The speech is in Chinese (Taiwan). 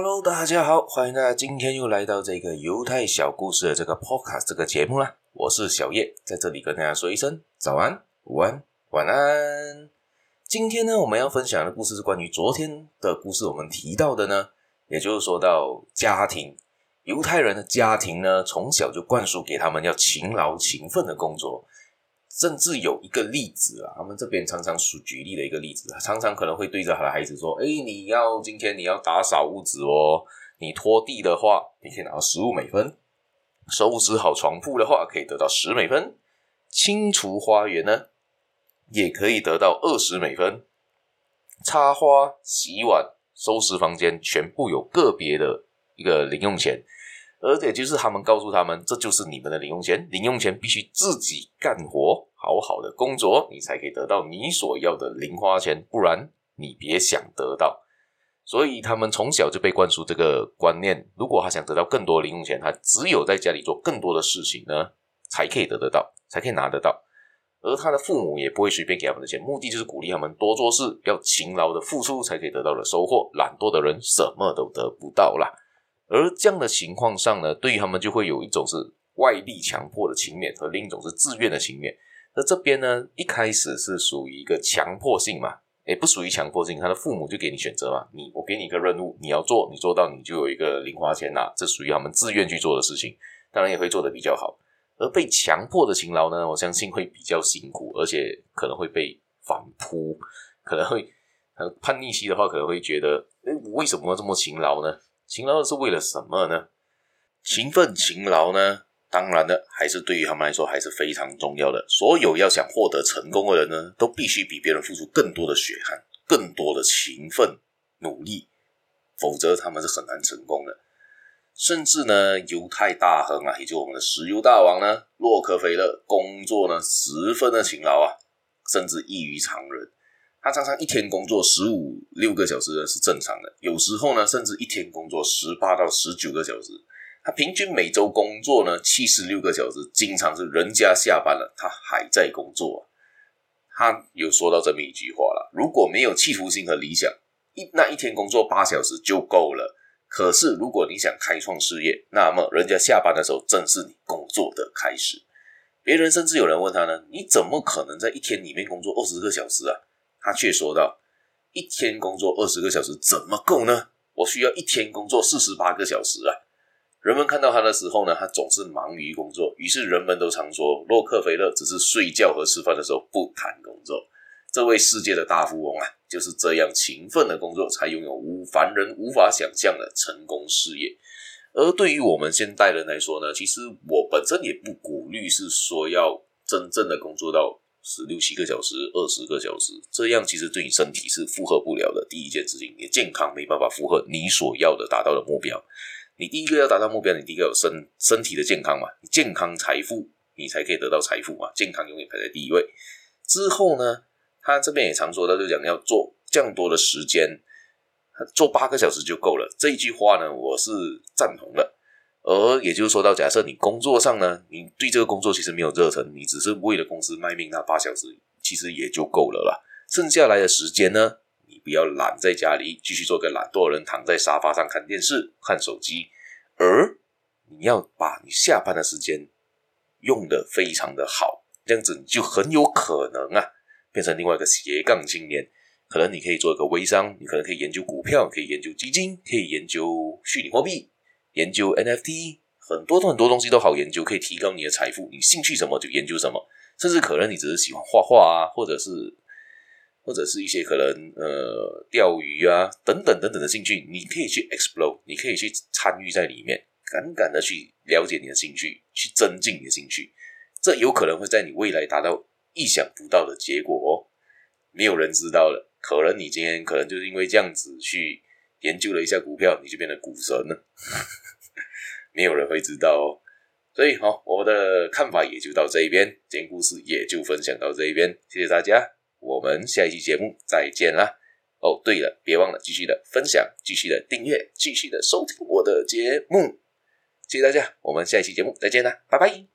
Hello，大家好，歡迎大家今天又來到這個猶太小故事的這個 Podcast 這個節目啦，我是小葉，在這裡跟大家說一聲早安、午安、晚安。今天呢，我們要分享的故事是關於昨天的故事，我們提到的呢，也就是說到家庭，猶太人的家庭呢，從小就灌輸給他們要勤勞、勤奮的工作。甚至有一個例子啊，他們這邊常常舉舉例的一個例子，常常可能會對着他的孩子說：“哎，你要今天你要打掃屋子哦，你拖地的話，你可以拿到十五美分，收拾好床鋪的話，可以得到十美分，清除花園呢，也可以得到二十美分，插花、洗碗、收拾房間，全部有個別的一個零用錢，而且就是他們告訴他們，這就是你們的零用錢，零用錢必須自己幹活。”不好的工作，你才可以得到你所要的零花錢，不然你別想得到。所以他們從小就被灌輸這個觀念，如果他想得到更多零用錢，他只有在家裡做更多的事情呢，才可以得得到，才可以拿得到。而他的父母也不會隨便給他們的錢，目的就是鼓勵他們多做事，要勤勞的付出才可以得到的收穫。懶惰的人什麼都得不到啦。而這樣的情況上呢，對於他們就會有一種是外力強迫的情面，和另一種是自願的情面。那這邊呢，一開始是屬於一個強迫性嘛，也不屬於強迫性，他的父母就給你選擇嘛，你我給你一個任務，你要做，你做到你就有一個零花錢吶、啊，這屬於他們自願去做的事情，當然也會做得比較好。而被強迫的勤勞呢，我相信會比較辛苦，而且可能會被反撲，可能會叛逆期的話，可能會覺得，我為什麼要這麼勤勞呢？勤勞是為了什麼呢？勤奮勤勞呢？當然呢，還是對於他們來說還是非常重要的。所有要想獲得成功的人呢，都必須比別人付出更多的血汗、更多的勤奮、努力，否則他們是很難成功的。甚至呢，猶太大亨啊，也就我們的石油大王呢，洛克菲勒工作呢十分的勤勞啊，甚至異於常人。他常常一天工作十五六個小時呢是正常的，有時候呢甚至一天工作十八到十九個小時。他平均每週工作呢七十六個小時，經常是人家下班了，他還在工作。他有說到這麼一句話啦：如果沒有企圖心和理想，一那一天工作八小時就夠了。可是如果你想開創事業，那麼人家下班的時候正是你工作的開始。別人甚至有人問他呢：你怎麼可能在一天裡面工作二十個小時啊？他卻說道：一天工作二十個小時怎麼夠呢？我需要一天工作四十八個小時啊。人們看到他的時候呢，他總是忙於工作。於是人們都常說，洛克菲勒只是睡覺和吃飯的時候不談工作。這位世界的大富翁啊，就是這樣勤奮的工作，才擁有無凡人無法想象的成功事業。而對於我們現代人來說呢，其實我本身也不鼓勵，是說要真正的工作到十六七個小時、二十個小時，這樣其實對你身體是負荷不了的。第一件事情，你健康沒辦法負荷你所要的達到的目標。你第一個要達到目標，你第一個有身身體的健康嘛？健康財富，你才可以得到財富嘛？健康永遠排在第一位。之後呢，他這邊也常說到，他就講要做這樣多的時間，做八個小時就夠了。這一句話呢，我是贊同的。而也就是說到，假設你工作上呢，你對這個工作其實沒有熱忱，你只是為了公司賣命，那八小時其實也就夠了啦。剩下來的時間呢？不要懶在家裡，繼續做個懶惰的人，躺在沙發上看電視、看手機。而你要把你下班的時間用得非常的好，這樣子你就很有可能啊，變成另外一個斜槓青年。可能你可以做一個微商，你可能可以研究股票，可以研究基金，可以研究虛擬貨幣，研究 NFT，很多很多東西都好研究，可以提高你的財富。你興趣什麼就研究什麼，甚至可能你只是喜歡畫畫啊，或者是。或者是一些可能，呃，釣魚啊，等等等等的興趣，你可以去 explore，你可以去參與在裡面，敢敢的去了解你的興趣，去增進你的興趣，這有可能會在你未來達到意想不到的結果哦。沒有人知道了，可能你今天可能就是因為這樣子去研究了一下股票，你就變成股神了， 沒有人會知道哦。所以、哦，好，我的看法也就到這一邊，今天故事也就分享到這一邊，謝謝大家。我們下一期節目再見啦！哦，對了，別忘了繼續的分享，繼續的訂閱，繼續的收聽我的節目。謝謝大家，我們下一期節目再見啦，拜拜。